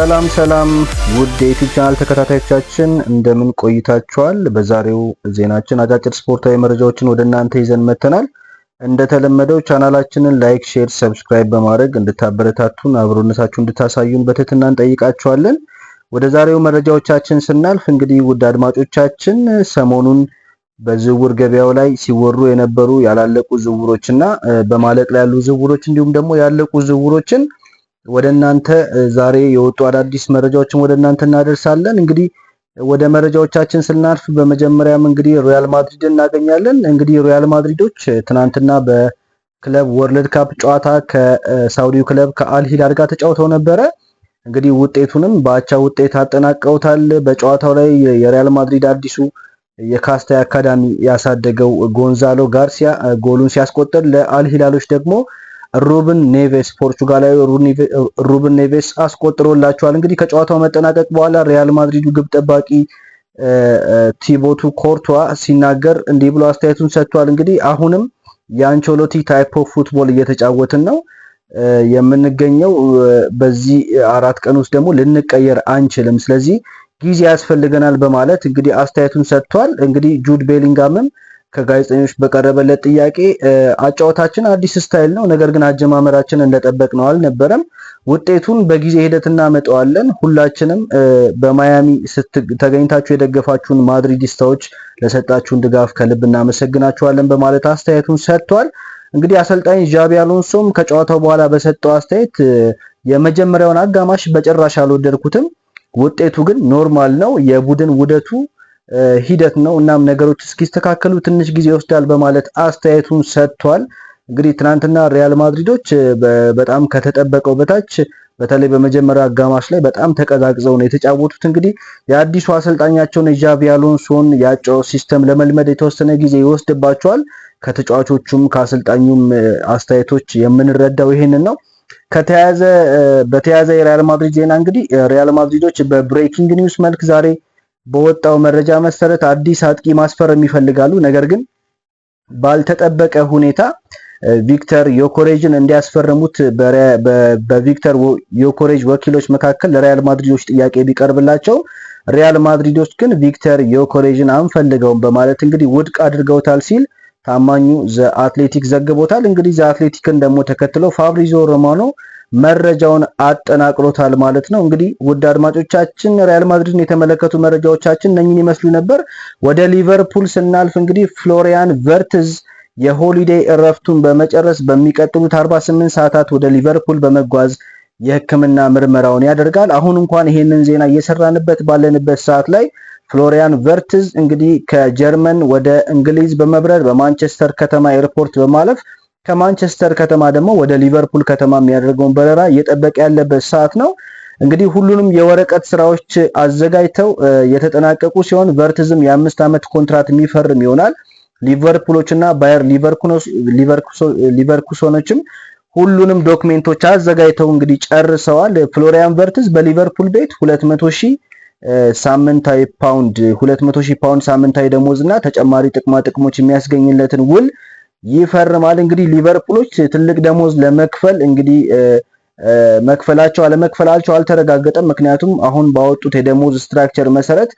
ሰላም ሰላም ውድ የዩቲዩብ ቻናል ተከታታዮቻችን እንደምን ቆይታችኋል? በዛሬው ዜናችን አጫጭር ስፖርታዊ መረጃዎችን ወደ እናንተ ይዘን መተናል። እንደተለመደው ቻናላችንን ላይክ፣ ሼር፣ ሰብስክራይብ በማድረግ እንድታበረታቱን አብሮነታችሁ እንድታሳዩን በትህትና እንጠይቃችኋለን። ወደ ዛሬው መረጃዎቻችን ስናልፍ እንግዲህ ውድ አድማጮቻችን ሰሞኑን በዝውውር ገበያው ላይ ሲወሩ የነበሩ ያላለቁ ዝውውሮችና በማለቅ ላይ ያሉ ዝውውሮች እንዲሁም ደግሞ ያለቁ ዝውውሮችን ወደ እናንተ ዛሬ የወጡ አዳዲስ መረጃዎችን ወደ እናንተ እናደርሳለን። እንግዲህ ወደ መረጃዎቻችን ስናልፍ በመጀመሪያም እንግዲህ ሪያል ማድሪድ እናገኛለን። እንግዲህ ሪያል ማድሪዶች ትናንትና በክለብ ወርልድ ካፕ ጨዋታ ከሳውዲው ክለብ ከአል ሂላል ጋር ተጫውተው ነበረ። እንግዲህ ውጤቱንም በአቻ ውጤት አጠናቀውታል። በጨዋታው ላይ የሪያል ማድሪድ አዲሱ የካስታ አካዳሚ ያሳደገው ጎንዛሎ ጋርሲያ ጎሉን ሲያስቆጥር ለአልሂላሎች ደግሞ ሩብን ኔቬስ ፖርቹጋላዊ ሩብን ኔቬስ አስቆጥሮላቸዋል። እንግዲህ ከጨዋታው መጠናቀቅ በኋላ ሪያል ማድሪዱ ግብ ጠባቂ ቲቦቱ ኮርቷ ሲናገር እንዲህ ብሎ አስተያየቱን ሰጥቷል። እንግዲህ አሁንም የአንቸሎቲ ታይፕ ኦፍ ፉትቦል እየተጫወትን ነው የምንገኘው። በዚህ አራት ቀን ውስጥ ደግሞ ልንቀየር አንችልም፣ ስለዚህ ጊዜ ያስፈልገናል በማለት እንግዲህ አስተያየቱን ሰጥቷል። እንግዲህ ጁድ ቤሊንጋምም ከጋዜጠኞች በቀረበለት ጥያቄ አጫወታችን አዲስ ስታይል ነው፣ ነገር ግን አጀማመራችን እንደጠበቅነው ነው አልነበረም። ውጤቱን በጊዜ ሂደት እናመጣዋለን። ሁላችንም በማያሚ ተገኝታችሁ የደገፋችሁን ማድሪዲስታዎች ለሰጣችሁን ድጋፍ ከልብ እናመሰግናችኋለን በማለት አስተያየቱን ሰጥቷል። እንግዲህ አሰልጣኝ ዣቢ አሎንሶም ከጨዋታው በኋላ በሰጠው አስተያየት የመጀመሪያውን አጋማሽ በጭራሽ አልወደድኩትም፣ ውጤቱ ግን ኖርማል ነው። የቡድን ውደቱ ሂደት ነው። እናም ነገሮች እስኪስተካከሉ ትንሽ ጊዜ ይወስዳል በማለት አስተያየቱን ሰጥቷል። እንግዲህ ትናንትና ሪያል ማድሪዶች በጣም ከተጠበቀው በታች በተለይ በመጀመሪያው አጋማሽ ላይ በጣም ተቀዛቅዘው ነው የተጫወቱት። እንግዲህ የአዲሱ አሰልጣኛቸውን የዣቪ አሎንሶን ያጫወት ሲስተም ለመልመድ የተወሰነ ጊዜ ይወስድባቸዋል። ከተጫዋቾቹም ከአሰልጣኙም አስተያየቶች የምንረዳው ይሄንን ነው። ከተያዘ በተያዘ የሪያል ማድሪድ ዜና እንግዲህ ሪያል ማድሪዶች በብሬኪንግ ኒውስ መልክ ዛሬ በወጣው መረጃ መሰረት አዲስ አጥቂ ማስፈረም ይፈልጋሉ። ነገር ግን ባልተጠበቀ ሁኔታ ቪክተር ዮኮሬጅን እንዲያስፈርሙት በቪክተር ዮኮሬጅ ወኪሎች መካከል ለሪያል ማድሪዶች ጥያቄ ቢቀርብላቸው ሪያል ማድሪዶች ግን ቪክተር ዮኮሬጅን አንፈልገውም በማለት እንግዲህ ውድቅ አድርገውታል ሲል ታማኙ ዘ አትሌቲክ ዘግቦታል። እንግዲህ ዘ አትሌቲክን ደግሞ ተከትሎ ፋብሪዞ ሮማኖ መረጃውን አጠናቅሮታል ማለት ነው። እንግዲህ ውድ አድማጮቻችን ሪያል ማድሪድን የተመለከቱ መረጃዎቻችን ነኝን ይመስሉ ነበር። ወደ ሊቨርፑል ስናልፍ እንግዲህ ፍሎሪያን ቨርትዝ የሆሊዴይ እረፍቱን በመጨረስ በሚቀጥሉት 48 ሰዓታት ወደ ሊቨርፑል በመጓዝ የሕክምና ምርመራውን ያደርጋል። አሁን እንኳን ይሄንን ዜና እየሰራንበት ባለንበት ሰዓት ላይ ፍሎሪያን ቨርትዝ እንግዲህ ከጀርመን ወደ እንግሊዝ በመብረር በማንቸስተር ከተማ ኤርፖርት በማለፍ ከማንቸስተር ከተማ ደግሞ ወደ ሊቨርፑል ከተማ የሚያደርገውን በረራ እየጠበቀ ያለበት ሰዓት ነው። እንግዲህ ሁሉንም የወረቀት ስራዎች አዘጋጅተው የተጠናቀቁ ሲሆን ቨርትዝም የአምስት ዓመት ኮንትራት የሚፈርም ይሆናል። ሊቨርፑሎች እና ባየር ሊቨርኩሶኖችም ሁሉንም ዶክሜንቶች አዘጋጅተው እንግዲህ ጨርሰዋል። ፍሎሪያን ቨርትዝ በሊቨርፑል ቤት 200 ሺህ ሳምንታዊ ፓውንድ 200 ሺህ ፓውንድ ሳምንታዊ ደሞዝ እና ተጨማሪ ጥቅማ ጥቅሞች የሚያስገኝለትን ውል ይፈርማል። እንግዲህ ሊቨርፑሎች ትልቅ ደሞዝ ለመክፈል እንግዲህ መክፈላቸው አለመክፈላቸው አልተረጋገጠም። ምክንያቱም አሁን ባወጡት የደሞዝ ስትራክቸር መሰረት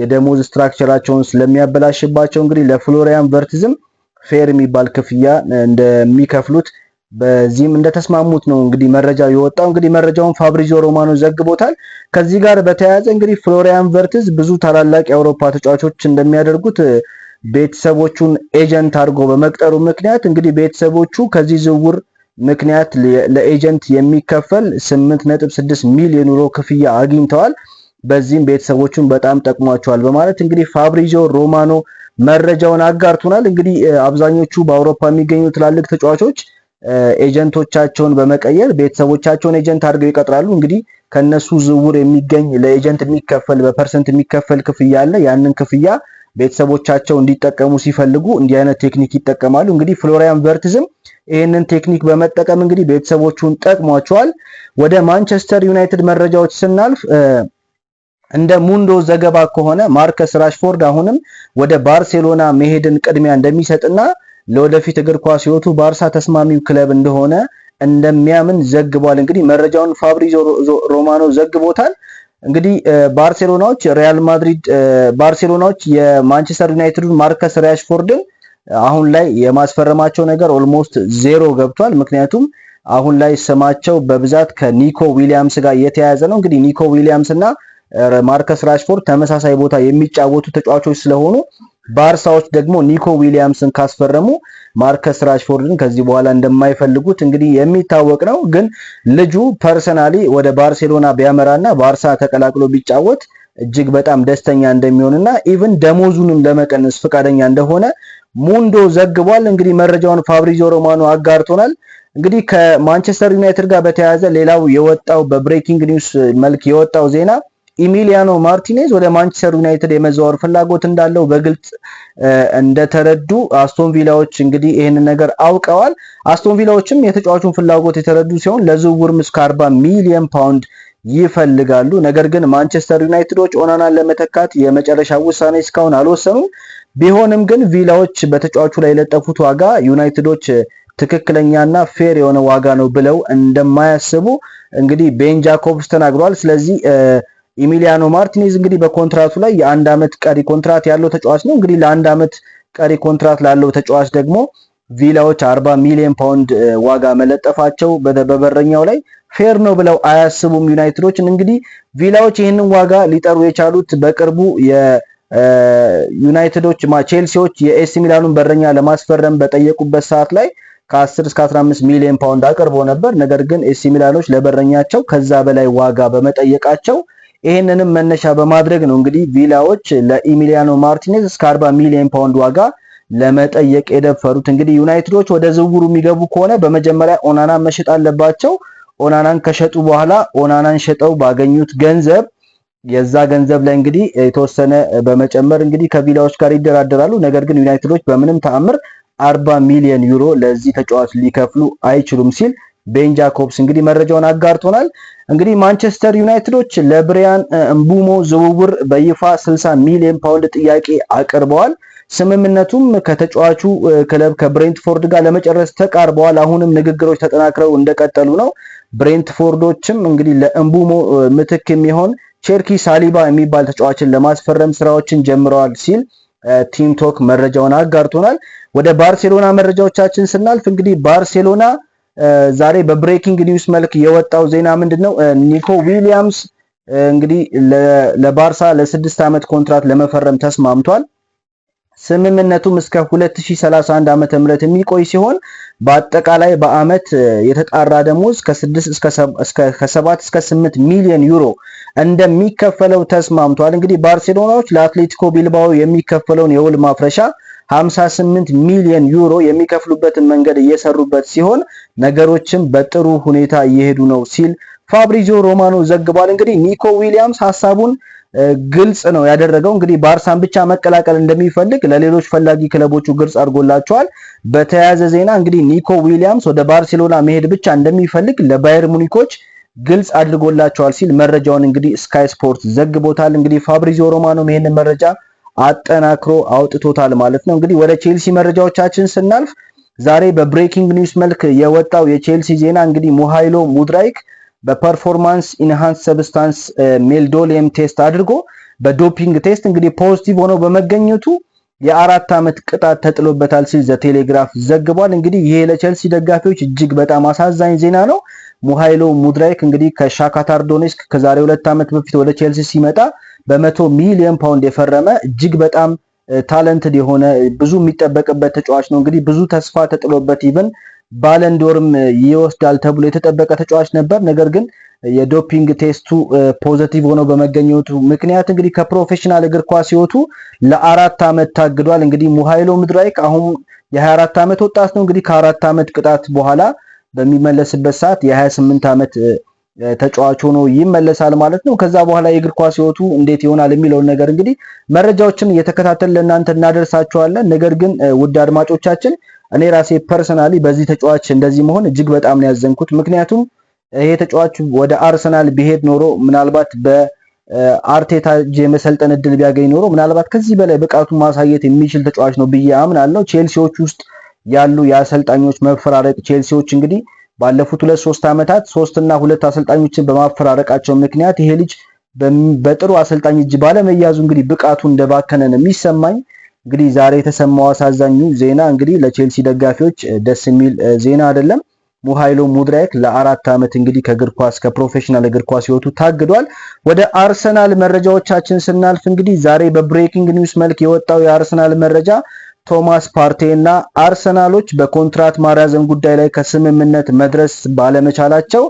የደሞዝ ስትራክቸራቸውን ስለሚያበላሽባቸው እንግዲህ ለፍሎሪያን ቨርትዝም ፌር የሚባል ክፍያ እንደሚከፍሉት በዚህም እንደተስማሙት ነው እንግዲህ መረጃ የወጣው። እንግዲህ መረጃውን ፋብሪዚዮ ሮማኖ ዘግቦታል። ከዚህ ጋር በተያያዘ እንግዲህ ፍሎሪያን ቨርትዝ ብዙ ታላላቅ የአውሮፓ ተጫዋቾች እንደሚያደርጉት ቤተሰቦቹን ኤጀንት አድርጎ በመቅጠሩ ምክንያት እንግዲህ ቤተሰቦቹ ከዚህ ዝውውር ምክንያት ለኤጀንት የሚከፈል 8.6 ሚሊዮን ዩሮ ክፍያ አግኝተዋል። በዚህም ቤተሰቦቹን በጣም ጠቅሟቸዋል በማለት እንግዲህ ፋብሪዚዮ ሮማኖ መረጃውን አጋርቶናል። እንግዲህ አብዛኞቹ በአውሮፓ የሚገኙ ትላልቅ ተጫዋቾች ኤጀንቶቻቸውን በመቀየር ቤተሰቦቻቸውን ኤጀንት አድርገው ይቀጥራሉ። እንግዲህ ከነሱ ዝውውር የሚገኝ ለኤጀንት የሚከፈል በፐርሰንት የሚከፈል ክፍያ አለ። ያንን ክፍያ ቤተሰቦቻቸው እንዲጠቀሙ ሲፈልጉ እንዲህ አይነት ቴክኒክ ይጠቀማሉ። እንግዲህ ፍሎሪያን ቨርትዝም ይህንን ቴክኒክ በመጠቀም እንግዲህ ቤተሰቦቹን ጠቅሟቸዋል። ወደ ማንቸስተር ዩናይትድ መረጃዎች ስናልፍ እንደ ሙንዶ ዘገባ ከሆነ ማርከስ ራሽፎርድ አሁንም ወደ ባርሴሎና መሄድን ቅድሚያ እንደሚሰጥና ለወደፊት እግር ኳስ ሕይወቱ ባርሳ ተስማሚው ክለብ እንደሆነ እንደሚያምን ዘግቧል። እንግዲህ መረጃውን ፋብሪዞ ሮማኖ ዘግቦታል። እንግዲህ ባርሴሎናዎች ሪያል ማድሪድ ባርሴሎናዎች የማንቸስተር ዩናይትድን ማርከስ ራሽፎርድን አሁን ላይ የማስፈረማቸው ነገር ኦልሞስት ዜሮ ገብቷል። ምክንያቱም አሁን ላይ ስማቸው በብዛት ከኒኮ ዊሊያምስ ጋር የተያያዘ ነው። እንግዲህ ኒኮ ዊሊያምስ እና ማርከስ ራሽፎርድ ተመሳሳይ ቦታ የሚጫወቱ ተጫዋቾች ስለሆኑ ባርሳዎች ደግሞ ኒኮ ዊሊያምስን ካስፈረሙ ማርከስ ራሽፎርድን ከዚህ በኋላ እንደማይፈልጉት እንግዲህ የሚታወቅ ነው። ግን ልጁ ፐርሰናሊ ወደ ባርሴሎና ቢያመራና ባርሳ ተቀላቅሎ ቢጫወት እጅግ በጣም ደስተኛ እንደሚሆንና ኢቭን ደሞዙንም ለመቀነስ ፈቃደኛ እንደሆነ ሙንዶ ዘግቧል። እንግዲህ መረጃውን ፋብሪዚዮ ሮማኖ አጋርቶናል። እንግዲህ ከማንቸስተር ዩናይትድ ጋር በተያያዘ ሌላው የወጣው በብሬኪንግ ኒውስ መልክ የወጣው ዜና ኢሚሊያኖ ማርቲኔዝ ወደ ማንቸስተር ዩናይትድ የመዘዋወር ፍላጎት እንዳለው በግልጽ እንደተረዱ አስቶን ቪላዎች እንግዲህ ይህንን ነገር አውቀዋል። አስቶን ቪላዎችም የተጫዋቹን ፍላጎት የተረዱ ሲሆን ለዝውውርም እስከ 40 ሚሊዮን ፓውንድ ይፈልጋሉ። ነገር ግን ማንቸስተር ዩናይትዶች ኦናናን ለመተካት የመጨረሻ ውሳኔ እስካሁን አልወሰኑም። ቢሆንም ግን ቪላዎች በተጫዋቹ ላይ የለጠፉት ዋጋ ዩናይትዶች ትክክለኛና ፌር የሆነ ዋጋ ነው ብለው እንደማያስቡ እንግዲህ ቤን ጃኮብስ ተናግሯል። ስለዚህ ኢሚሊያኖ ማርቲኔዝ እንግዲህ በኮንትራቱ ላይ የአንድ ዓመት ቀሪ ኮንትራት ያለው ተጫዋች ነው። እንግዲህ ለአንድ ዓመት ቀሪ ኮንትራት ላለው ተጫዋች ደግሞ ቪላዎች 40 ሚሊዮን ፓውንድ ዋጋ መለጠፋቸው በበረኛው ላይ ፌር ነው ብለው አያስቡም ዩናይትዶችን። እንግዲህ ቪላዎች ይህንን ዋጋ ሊጠሩ የቻሉት በቅርቡ የዩናይትዶች ቼልሲዎች የኤሲ ሚላኑን በረኛ ለማስፈረም በጠየቁበት ሰዓት ላይ ከ10 እስከ 15 ሚሊዮን ፓውንድ አቅርቦ ነበር። ነገር ግን ኤሲ ሚላኖች ለበረኛቸው ከዛ በላይ ዋጋ በመጠየቃቸው ይህንንም መነሻ በማድረግ ነው እንግዲህ ቪላዎች ለኢሚሊያኖ ማርቲኔዝ እስከ 40 ሚሊዮን ፓውንድ ዋጋ ለመጠየቅ የደፈሩት። እንግዲህ ዩናይትዶች ወደ ዝውውሩ የሚገቡ ከሆነ በመጀመሪያ ኦናናን መሸጥ አለባቸው። ኦናናን ከሸጡ በኋላ ኦናናን ሸጠው ባገኙት ገንዘብ የዛ ገንዘብ ላይ እንግዲህ የተወሰነ በመጨመር እንግዲህ ከቪላዎች ጋር ይደራደራሉ። ነገር ግን ዩናይትዶች በምንም ተአምር 40 ሚሊዮን ዩሮ ለዚህ ተጫዋች ሊከፍሉ አይችሉም ሲል ቤን ጃኮብስ እንግዲህ መረጃውን አጋርቶናል። እንግዲህ ማንቸስተር ዩናይትዶች ለብሪያን እምቡሞ ዝውውር በይፋ 60 ሚሊዮን ፓውንድ ጥያቄ አቅርበዋል። ስምምነቱም ከተጫዋቹ ክለብ ከብሬንትፎርድ ጋር ለመጨረስ ተቃርበዋል። አሁንም ንግግሮች ተጠናክረው እንደቀጠሉ ነው። ብሬንትፎርዶችም እንግዲህ ለእምቡሞ ምትክ የሚሆን ቼርኪ ሳሊባ የሚባል ተጫዋችን ለማስፈረም ስራዎችን ጀምረዋል ሲል ቲም ቶክ መረጃውን አጋርቶናል። ወደ ባርሴሎና መረጃዎቻችን ስናልፍ እንግዲህ ባርሴሎና ዛሬ በብሬኪንግ ኒውስ መልክ የወጣው ዜና ምንድን ነው? ኒኮ ዊሊያምስ እንግዲህ ለባርሳ ለስድስት ዓመት ኮንትራት ለመፈረም ተስማምቷል። ስምምነቱም እስከ 2031 ዓመተ ምህረት የሚቆይ ሲሆን በአጠቃላይ በአመት የተጣራ ደሞዝ ከ7 እስከ 8 ሚሊዮን ዩሮ እንደሚከፈለው ተስማምቷል። እንግዲህ ባርሴሎናዎች ለአትሌቲኮ ቢልባኦ የሚከፈለውን የውል ማፍረሻ 58 ሚሊዮን ዩሮ የሚከፍሉበትን መንገድ እየሰሩበት ሲሆን ነገሮችን በጥሩ ሁኔታ እየሄዱ ነው ሲል ፋብሪዚዮ ሮማኖ ዘግቧል። እንግዲህ ኒኮ ዊሊያምስ ሀሳቡን ግልጽ ነው ያደረገው። እንግዲህ ባርሳን ብቻ መቀላቀል እንደሚፈልግ ለሌሎች ፈላጊ ክለቦቹ ግልጽ አድርጎላቸዋል። በተያያዘ ዜና እንግዲህ ኒኮ ዊሊያምስ ወደ ባርሴሎና መሄድ ብቻ እንደሚፈልግ ለባየር ሙኒኮች ግልጽ አድርጎላቸዋል ሲል መረጃውን እንግዲህ ስካይ ስፖርት ዘግቦታል። እንግዲህ ፋብሪዚዮ ሮማኖ ይህንን መረጃ አጠናክሮ አውጥቶታል ማለት ነው። እንግዲህ ወደ ቼልሲ መረጃዎቻችን ስናልፍ ዛሬ በብሬኪንግ ኒውስ መልክ የወጣው የቼልሲ ዜና እንግዲህ ሙሃይሎ ሙድራይክ በፐርፎርማንስ ኢንሃንስ ሰብስታንስ ሜልዶሊየም ቴስት አድርጎ በዶፒንግ ቴስት እንግዲህ ፖዚቲቭ ሆኖ በመገኘቱ የአራት ዓመት ቅጣት ተጥሎበታል ሲል ዘቴሌግራፍ ዘግቧል። እንግዲህ ይሄ ለቼልሲ ደጋፊዎች እጅግ በጣም አሳዛኝ ዜና ነው። ሙሃይሎ ሙድራይክ እንግዲህ ከሻካታር ዶኔስክ ከዛሬ ሁለት ዓመት በፊት ወደ ቼልሲ ሲመጣ በመቶ ሚሊዮን ፓውንድ የፈረመ እጅግ በጣም ታለንትድ የሆነ ብዙ የሚጠበቅበት ተጫዋች ነው። እንግዲህ ብዙ ተስፋ ተጥሎበት ኢቨን ባለንዶርም ይወስዳል ተብሎ የተጠበቀ ተጫዋች ነበር። ነገር ግን የዶፒንግ ቴስቱ ፖዘቲቭ ሆኖ በመገኘቱ ምክንያት እንግዲህ ከፕሮፌሽናል እግር ኳስ ሕይወቱ ለአራት ዓመት ታግዷል። እንግዲህ ሙሃይሎ ምድራይክ አሁን የ24 ዓመት ወጣት ነው። እንግዲህ ከአራት ዓመት ቅጣት በኋላ በሚመለስበት ሰዓት የ28 ዓመት ተጫዋች ሆኖ ይመለሳል ማለት ነው። ከዛ በኋላ የእግር ኳስ ህይወቱ እንዴት ይሆናል የሚለውን ነገር እንግዲህ መረጃዎችን እየተከታተል ለእናንተ እናደርሳችኋለን። ነገር ግን ውድ አድማጮቻችን እኔ ራሴ ፐርሰናሊ በዚህ ተጫዋች እንደዚህ መሆን እጅግ በጣም ነው ያዘንኩት። ምክንያቱም ይሄ ተጫዋች ወደ አርሰናል ቢሄድ ኖሮ ምናልባት በአርቴታ የመሰልጠን እድል ቢያገኝ ኖሮ ምናልባት ከዚህ በላይ ብቃቱ ማሳየት የሚችል ተጫዋች ነው ብዬ አምናለሁ። ቼልሲዎች ውስጥ ያሉ የአሰልጣኞች መፈራረቅ ቼልሲዎች እንግዲህ ባለፉት ሁለት ሶስት ዓመታት ሶስት እና ሁለት አሰልጣኞችን በማፈራረቃቸው ምክንያት ይሄ ልጅ በጥሩ አሰልጣኝ እጅ ባለመያዙ እንግዲህ ብቃቱ እንደባከነ ነው የሚሰማኝ። እንግዲህ ዛሬ የተሰማው አሳዛኙ ዜና እንግዲህ ለቼልሲ ደጋፊዎች ደስ የሚል ዜና አይደለም። ሙሃይሎ ሙድሪክ ለአራት ዓመት እንግዲህ ከእግር ኳስ ከፕሮፌሽናል እግር ኳስ ህይወቱ ታግዷል። ወደ አርሰናል መረጃዎቻችን ስናልፍ እንግዲህ ዛሬ በብሬኪንግ ኒውስ መልክ የወጣው የአርሰናል መረጃ ቶማስ ፓርቴ እና አርሰናሎች በኮንትራት ማራዘም ጉዳይ ላይ ከስምምነት መድረስ ባለመቻላቸው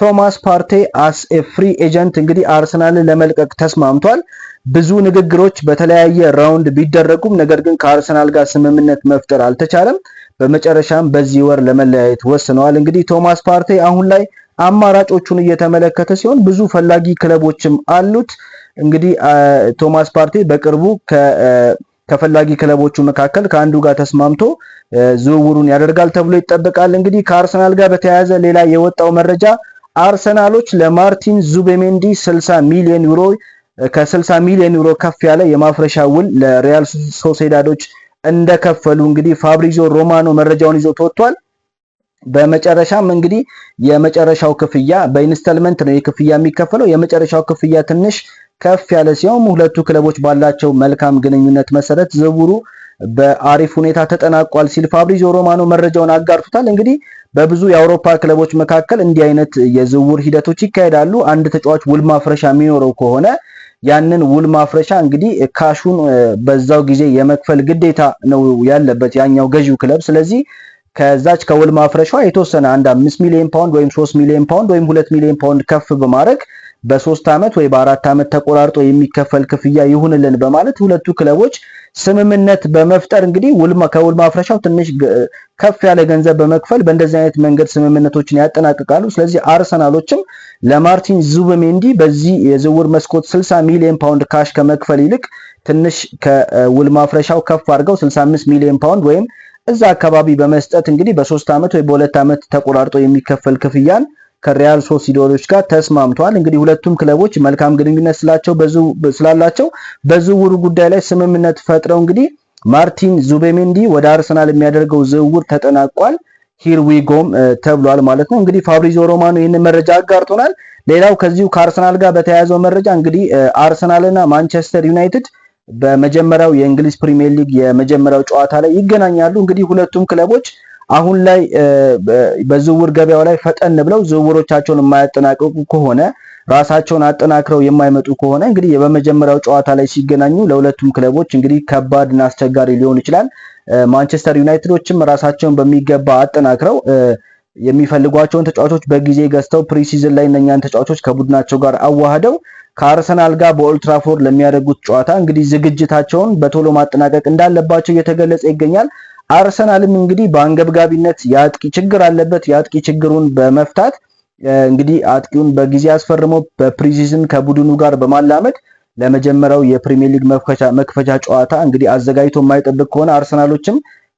ቶማስ ፓርቴ አስ ኤ ፍሪ ኤጀንት እንግዲህ አርሰናልን ለመልቀቅ ተስማምቷል። ብዙ ንግግሮች በተለያየ ራውንድ ቢደረጉም ነገር ግን ከአርሰናል ጋር ስምምነት መፍጠር አልተቻለም። በመጨረሻም በዚህ ወር ለመለያየት ወስነዋል። እንግዲህ ቶማስ ፓርቴ አሁን ላይ አማራጮቹን እየተመለከተ ሲሆን ብዙ ፈላጊ ክለቦችም አሉት። እንግዲህ ቶማስ ፓርቴ በቅርቡ ከፈላጊ ክለቦቹ መካከል ከአንዱ ጋር ተስማምቶ ዝውውሩን ያደርጋል ተብሎ ይጠበቃል። እንግዲህ ከአርሰናል ጋር በተያያዘ ሌላ የወጣው መረጃ አርሰናሎች ለማርቲን ዙቤሜንዲ 60 ሚሊዮን ዩሮ ከ60 ሚሊዮን ዩሮ ከፍ ያለ የማፍረሻ ውል ለሪያል ሶሴዳዶች እንደከፈሉ እንግዲህ ፋብሪዞ ሮማኖ መረጃውን ይዞ ተወጥቷል። በመጨረሻም እንግዲህ የመጨረሻው ክፍያ በኢንስተልመንት ነው የክፍያ የሚከፈለው። የመጨረሻው ክፍያ ትንሽ ከፍ ያለ ሲሆን ሁለቱ ክለቦች ባላቸው መልካም ግንኙነት መሰረት ዝውውሩ በአሪፍ ሁኔታ ተጠናቋል ሲል ፋብሪዞ ሮማኖ መረጃውን አጋርቶታል። እንግዲህ በብዙ የአውሮፓ ክለቦች መካከል እንዲህ አይነት የዝውውር ሂደቶች ይካሄዳሉ። አንድ ተጫዋች ውል ማፍረሻ የሚኖረው ከሆነ ያንን ውል ማፍረሻ እንግዲህ ካሹን በዛው ጊዜ የመክፈል ግዴታ ነው ያለበት ያኛው ገዢው ክለብ። ስለዚህ ከዛች ከውል ማፍረሻ የተወሰነ አንድ አምስት ሚሊዮን ፓውንድ ወይም ሶስት ሚሊዮን ፓውንድ ወይም ሁለት ሚሊዮን ፓውንድ ከፍ በማድረግ በሶስት ዓመት ወይ በአራት ዓመት ተቆራርጦ የሚከፈል ክፍያ ይሁንልን በማለት ሁለቱ ክለቦች ስምምነት በመፍጠር እንግዲህ ከውል ማፍረሻው ትንሽ ከፍ ያለ ገንዘብ በመክፈል በእንደዚህ አይነት መንገድ ስምምነቶችን ያጠናቅቃሉ። ስለዚህ አርሰናሎችም ለማርቲን ዙበሜንዲ በዚህ የዝውውር መስኮት 60 ሚሊዮን ፓውንድ ካሽ ከመክፈል ይልቅ ትንሽ ከውል ማፍረሻው ከፍ አድርገው 65 ሚሊዮን ፓውንድ ወይም እዛ አካባቢ በመስጠት እንግዲህ በሶስት ዓመት ወይ በሁለት ዓመት ተቆራርጦ የሚከፈል ክፍያን ከሪያል ሶሲዳዶች ጋር ተስማምቷል። እንግዲህ ሁለቱም ክለቦች መልካም ግንኙነት ስላላቸው በዝውውሩ ጉዳይ ላይ ስምምነት ፈጥረው እንግዲህ ማርቲን ዙቤሜንዲ ወደ አርሰናል የሚያደርገው ዝውውር ተጠናቋል። ጎም ተብሏል ማለት ነው። እንግዲህ ፋብሪዞ ሮማኖ ይህንን መረጃ አጋርቶናል። ሌላው ከዚሁ ከአርሰናል ጋር በተያያዘው መረጃ እንግዲህ አርሰናልና ማንቸስተር ዩናይትድ በመጀመሪያው የእንግሊዝ ፕሪሚየር ሊግ የመጀመሪያው ጨዋታ ላይ ይገናኛሉ። እንግዲህ ሁለቱም ክለቦች አሁን ላይ በዝውውር ገበያው ላይ ፈጠን ብለው ዝውውሮቻቸውን የማያጠናቅቁ ከሆነ ራሳቸውን አጠናክረው የማይመጡ ከሆነ እንግዲህ በመጀመሪያው ጨዋታ ላይ ሲገናኙ ለሁለቱም ክለቦች እንግዲህ ከባድና አስቸጋሪ ሊሆን ይችላል። ማንቸስተር ዩናይትዶችም ራሳቸውን በሚገባ አጠናክረው የሚፈልጓቸውን ተጫዋቾች በጊዜ ገዝተው ፕሪሲዝን ላይ እነኛን ተጫዋቾች ከቡድናቸው ጋር አዋህደው ከአርሰናል ጋር በኦልትራፎርድ ለሚያደርጉት ጨዋታ እንግዲህ ዝግጅታቸውን በቶሎ ማጠናቀቅ እንዳለባቸው እየተገለጸ ይገኛል። አርሰናልም እንግዲህ በአንገብጋቢነት የአጥቂ ችግር አለበት። የአጥቂ ችግሩን በመፍታት እንግዲህ አጥቂውን በጊዜ አስፈርሞ በፕሪሲዝን ከቡድኑ ጋር በማላመድ ለመጀመሪያው የፕሪሚየር ሊግ መክፈቻ ጨዋታ እንግዲህ አዘጋጅቶ የማይጠብቅ ከሆነ አርሰናሎችም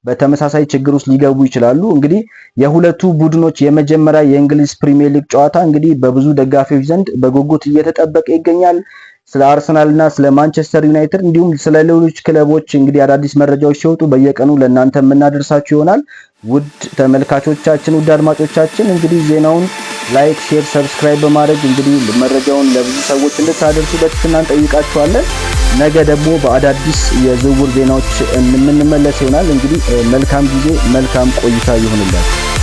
በተመሳሳይ ችግር ውስጥ ሊገቡ ይችላሉ። እንግዲህ የሁለቱ ቡድኖች የመጀመሪያ የእንግሊዝ ፕሪሚየር ሊግ ጨዋታ እንግዲህ በብዙ ደጋፊዎች ዘንድ በጉጉት እየተጠበቀ ይገኛል። ስለ አርሰናል እና ስለ ማንቸስተር ዩናይትድ እንዲሁም ስለ ሌሎች ክለቦች እንግዲህ አዳዲስ መረጃዎች ሲወጡ በየቀኑ ለእናንተ የምናደርሳችሁ ይሆናል። ውድ ተመልካቾቻችን፣ ውድ አድማጮቻችን እንግዲህ ዜናውን ላይክ፣ ሼር፣ ሰብስክራይብ በማድረግ እንግዲህ መረጃውን ለብዙ ሰዎች እንድታደርሱ በትህትና እንጠይቃችኋለን። ነገ ደግሞ በአዳዲስ የዝውውር ዜናዎች የምንመለስ ይሆናል። እንግዲህ መልካም ጊዜ፣ መልካም ቆይታ ይሁንላችሁ።